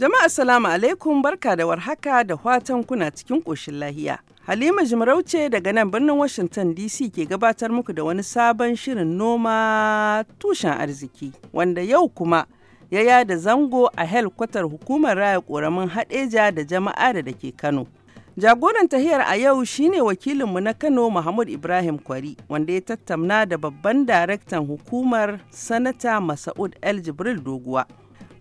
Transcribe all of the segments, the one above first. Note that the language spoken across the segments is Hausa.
Jama'a salamu alaikum barka da warhaka da watan kuna cikin ƙoshin lahiya. Halima Jimarauce daga nan birnin Washington DC ke gabatar muku da wani sabon shirin noma tushen arziki wanda yau kuma ya yada zango a helkwatar hukumar raya ƙoramin haɗeja da jama'a da ke Kano. Jagoran tahiyar a yau shine wakilinmu na Kano Muhammad Ibrahim Kwari wanda ya tattauna da babban daraktan hukumar Sanata Masa'ud El Jibril Doguwa.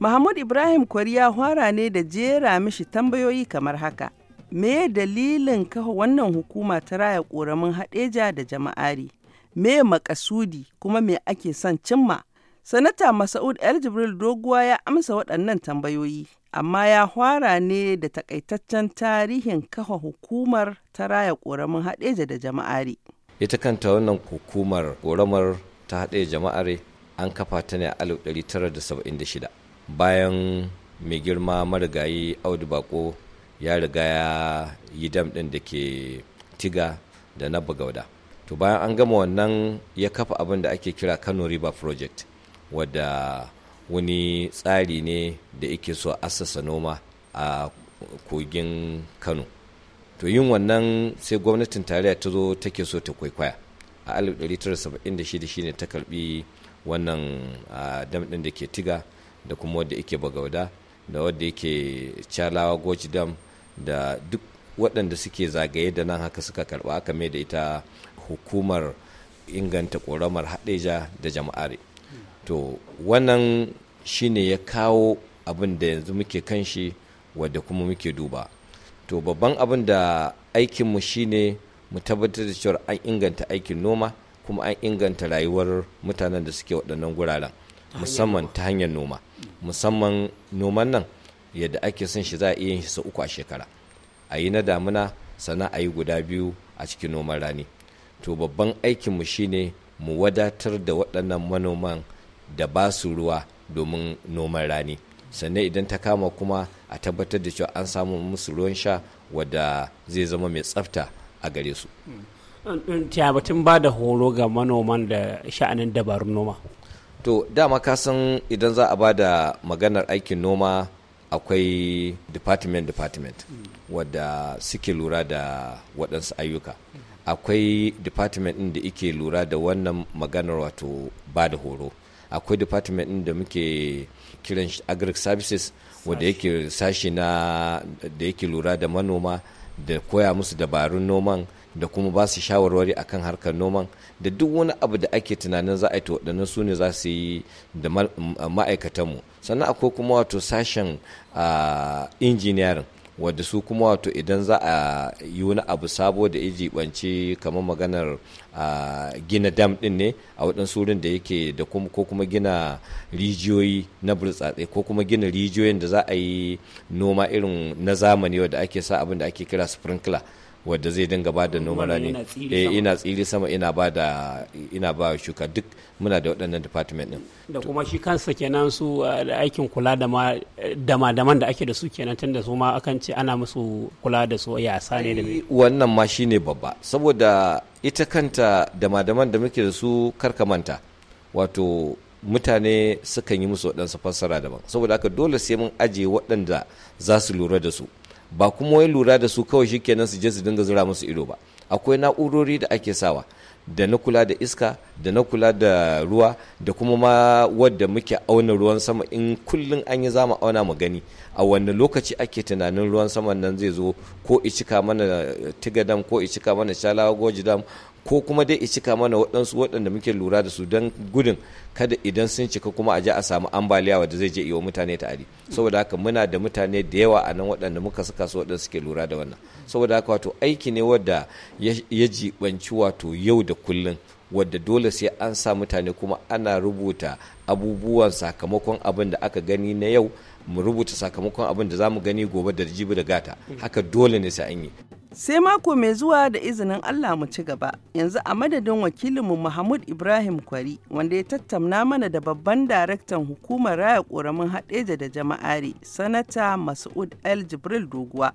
Mahmud Ibrahim Kwari ya hwara ne da jera mishi tambayoyi kamar haka. Me dalilin kawo wannan hukuma ta raya ƙoramin haɗeja da jama'ari? Me makasudi kuma me ake son cimma? Sanata Masaud El Jibril Doguwa ya amsa waɗannan tambayoyi, amma ya hwara ne da takaitaccen tarihin kafa hukumar ta raya ƙoramin haɗeja da jama'ari. Ita kanta wannan hukumar ƙoramar ta haɗe jama'are an kafa ta ne a 1976. bayan mai girma marigayi audu bako ya riga ya yi dam ɗin da ke tiga da na bugauda to bayan an gama wannan ya kafa abin da ake kira kano river project wadda wani tsari ne da ike so assasa noma a kogin kano to yin wannan sai gwamnatin tarayya ta zo take so ta kwaikwaya a 1976 shine ta karbi wannan ah, dam ɗin da ke tiga da kuma wadda yake bagauda da wadda yake calawa goji dam da duk waɗanda suke zagaye da nan haka suka karɓa aka mai da ita hukumar inganta ƙoramar haɗeja da jama'are to wannan shine ya kawo abin da yanzu muke kan shi wadda kuma muke duba to babban abin da aikinmu shine mu tabbatar da cewa an inganta aikin noma kuma an inganta rayuwar mutanen da suke waɗannan guraren musamman ta hanyar noma musamman noman nan yadda ake son shi za a iya yin shi sau uku a shekara a yi na damuna sannan a yi guda biyu a cikin noman rani to babban aikinmu shine mu wadatar da waɗannan manoman da ba su ruwa domin noman rani sannan idan ta kama kuma a tabbatar da cewa an samu musu ruwan sha wadda zai zama mai tsafta a gare su. Mm. batun ba da horo ga manoman da sha'anin dabarun noma. to dama ka san idan za a ba da maganar aikin noma akwai department department wadda suke lura da waɗansu ayyuka akwai department ɗin da ike lura da wannan maganar wato ba da horo akwai department ɗin da muke kiran agric services wadda yake sashi na da yake lura da manoma da koya musu dabarun noman da kuma ba su shawarwari akan harkar noman da duk wani abu da ake tunanin za a yi waɗannan su ne za su yi da ma'aikatanmu sannan akwai kuma wato sashen injiniyarin wadda su kuma wato idan za a yi wani abu sabo da iji jibanci kamar maganar gina dam din ne a waɗansu wurin da yake da ko kuma gina rijiyoyi na burtsatse ko kuma gina rijiyoyin da za a yi noma irin na zamani wadda ake sa abin da ake kira sprinkler wadda zai dinga ba da noma rani eh ina tsiri sama ina ba da ina ba shuka duk muna da waɗannan department din da kuma shi kansa kenan su eh, da aikin kula da ma dama daman da ake da su kenan tunda su ma akan ce ana musu kula da su yasa ne da eh, wannan ma shine babba saboda ita kanta dama daman da muke da su manta wato mutane sukan yi musu waɗansu fassara daban saboda haka dole sai mun ajiye waɗanda za su lura da su ba kuma wai lura da su kawai shikenan su je su dinga zura musu ido ba akwai na'urori da ake sawa da na kula da iska da na kula da ruwa da kuma ma wadda muke auna ruwan sama in kullum an yi zama auna mu gani a wanne lokaci ake tunanin ruwan saman nan zai zo ko icika mana tigadam ko icika mana shalawa goji dam ko kuma dai cika mana waɗansu waɗanda muke lura da su don gudun kada idan sun cika kuma a je a samu ambaliya wadda zai je iya mutane ta'adi saboda haka muna da mutane da yawa a nan waɗanda muka saka su waɗanda suke lura da wannan saboda haka wato aiki ne wadda ya jibanci wato yau da kullum wadda dole sai an sa mutane kuma ana rubuta abubuwan sakamakon abin da aka gani na yau mu rubuta sakamakon abin da zamu gani gobe da jibi da gata haka dole ne sai an yi Sai mako mai zuwa da izinin Allah mu ci gaba, yanzu a madadin wakilinmu Mahmud Ibrahim Kwari wanda ya tattauna mana da babban daraktan hukumar raya ƙoramin haɗeja da jama'ari, Sanata Mas'ud El Jibril Doguwa.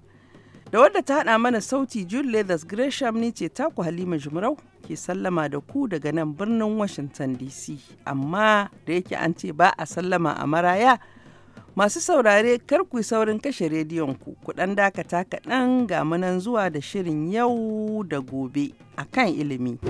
Da wadda ta haɗa mana sauti Jude Leathers Gresham ni ce taku Halima Jumrau ke sallama da ku daga nan birnin Washington DC. Amma da yake an ce ba a sallama a maraya. Masu saurare kar ku saurin kashe rediyon ku ɗan dakata kaɗan ga manan zuwa da shirin yau da gobe a kan ilimi.